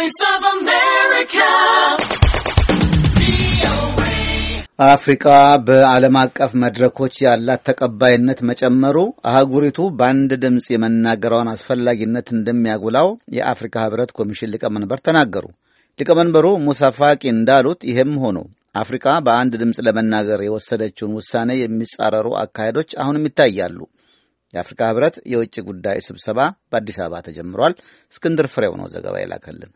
Voice of America. አፍሪቃ በዓለም አቀፍ መድረኮች ያላት ተቀባይነት መጨመሩ አህጉሪቱ በአንድ ድምፅ የመናገሯን አስፈላጊነት እንደሚያጉላው የአፍሪካ ህብረት ኮሚሽን ሊቀመንበር ተናገሩ። ሊቀመንበሩ ሙሳ ፋቂ እንዳሉት ይህም ሆኖ አፍሪካ በአንድ ድምፅ ለመናገር የወሰደችውን ውሳኔ የሚጻረሩ አካሄዶች አሁንም ይታያሉ። የአፍሪካ ህብረት የውጭ ጉዳይ ስብሰባ በአዲስ አበባ ተጀምሯል። እስክንድር ፍሬው ነው ዘገባ የላከልን።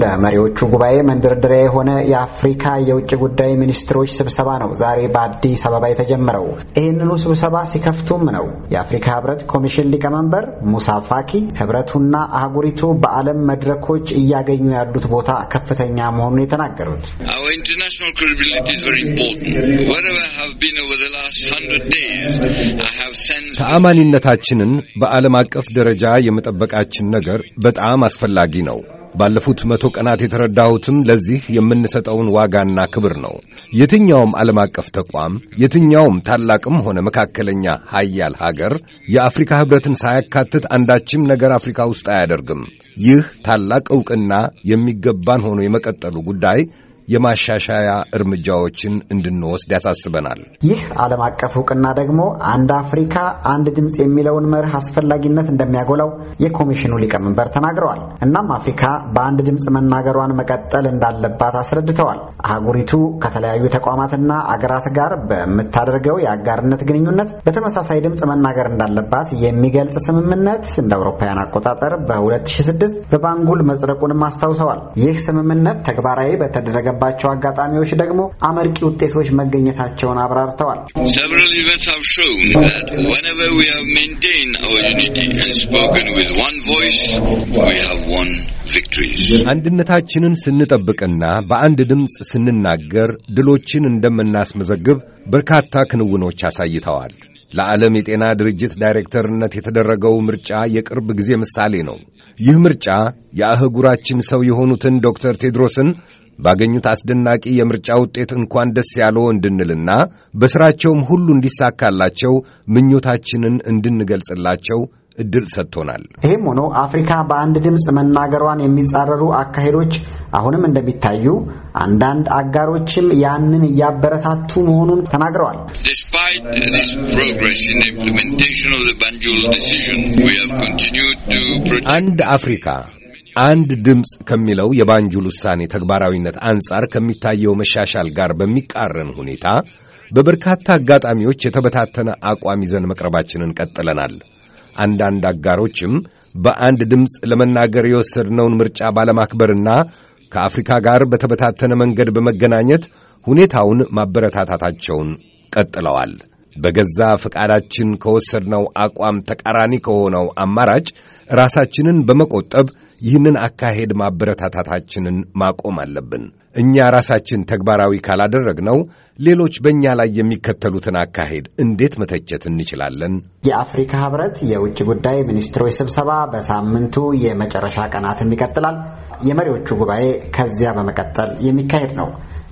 ለመሪዎቹ ጉባኤ መንደርደሪያ የሆነ የአፍሪካ የውጭ ጉዳይ ሚኒስትሮች ስብሰባ ነው ዛሬ በአዲስ አበባ የተጀመረው። ይህንኑ ስብሰባ ሲከፍቱም ነው የአፍሪካ ህብረት ኮሚሽን ሊቀመንበር ሙሳ ፋኪ ህብረቱና አህጉሪቱ በዓለም መድረኮች እያገኙ ያሉት ቦታ ከፍተኛ መሆኑን የተናገሩት። ተአማኒነታችንን በዓለም አቀፍ ደረጃ የመጠበቃችን ነገር በጣም አስፈላጊ ነው። ባለፉት መቶ ቀናት የተረዳሁትም ለዚህ የምንሰጠውን ዋጋና ክብር ነው። የትኛውም ዓለም አቀፍ ተቋም፣ የትኛውም ታላቅም ሆነ መካከለኛ ሀያል ሀገር የአፍሪካ ኅብረትን ሳያካትት አንዳችም ነገር አፍሪካ ውስጥ አያደርግም። ይህ ታላቅ ዕውቅና የሚገባን ሆኖ የመቀጠሉ ጉዳይ የማሻሻያ እርምጃዎችን እንድንወስድ ያሳስበናል። ይህ ዓለም አቀፍ እውቅና ደግሞ አንድ አፍሪካ አንድ ድምፅ የሚለውን መርህ አስፈላጊነት እንደሚያጎላው የኮሚሽኑ ሊቀመንበር ተናግረዋል። እናም አፍሪካ በአንድ ድምፅ መናገሯን መቀጠል እንዳለባት አስረድተዋል። አህጉሪቱ ከተለያዩ ተቋማትና አገራት ጋር በምታደርገው የአጋርነት ግንኙነት በተመሳሳይ ድምፅ መናገር እንዳለባት የሚገልጽ ስምምነት እንደ አውሮፓውያን አቆጣጠር በ2006 በባንጉል መጽደቁንም አስታውሰዋል። ይህ ስምምነት ተግባራዊ በተደረገ በሚገባቸው አጋጣሚዎች ደግሞ አመርቂ ውጤቶች መገኘታቸውን አብራርተዋል። አንድነታችንን ስንጠብቅና በአንድ ድምፅ ስንናገር ድሎችን እንደምናስመዘግብ በርካታ ክንውኖች አሳይተዋል። ለዓለም የጤና ድርጅት ዳይሬክተርነት የተደረገው ምርጫ የቅርብ ጊዜ ምሳሌ ነው። ይህ ምርጫ የአህጉራችን ሰው የሆኑትን ዶክተር ቴድሮስን ባገኙት አስደናቂ የምርጫ ውጤት እንኳን ደስ ያለው እንድንልና በሥራቸውም ሁሉ እንዲሳካላቸው ምኞታችንን እንድንገልጽላቸው እድል ሰጥቶናል። ይህም ሆኖ አፍሪካ በአንድ ድምፅ መናገሯን የሚጻረሩ አካሄዶች አሁንም እንደሚታዩ አንዳንድ አጋሮችም ያንን እያበረታቱ መሆኑን ተናግረዋል። Despite this progress in the implementation of the Banjul decision, we have continued to protect አንድ አፍሪካ አንድ ድምፅ ከሚለው የባንጁል ውሳኔ ተግባራዊነት አንጻር ከሚታየው መሻሻል ጋር በሚቃረን ሁኔታ በበርካታ አጋጣሚዎች የተበታተነ አቋም ይዘን መቅረባችንን ቀጥለናል። አንዳንድ አጋሮችም በአንድ ድምፅ ለመናገር የወሰድነውን ምርጫ ባለማክበርና ከአፍሪካ ጋር በተበታተነ መንገድ በመገናኘት ሁኔታውን ማበረታታታቸውን ቀጥለዋል። በገዛ ፈቃዳችን ከወሰድነው አቋም ተቃራኒ ከሆነው አማራጭ ራሳችንን በመቆጠብ ይህንን አካሄድ ማበረታታታችንን ማቆም አለብን። እኛ ራሳችን ተግባራዊ ካላደረግነው ሌሎች በእኛ ላይ የሚከተሉትን አካሄድ እንዴት መተቸት እንችላለን? የአፍሪካ ህብረት የውጭ ጉዳይ ሚኒስትሮች ስብሰባ በሳምንቱ የመጨረሻ ቀናትም ይቀጥላል። የመሪዎቹ ጉባኤ ከዚያ በመቀጠል የሚካሄድ ነው።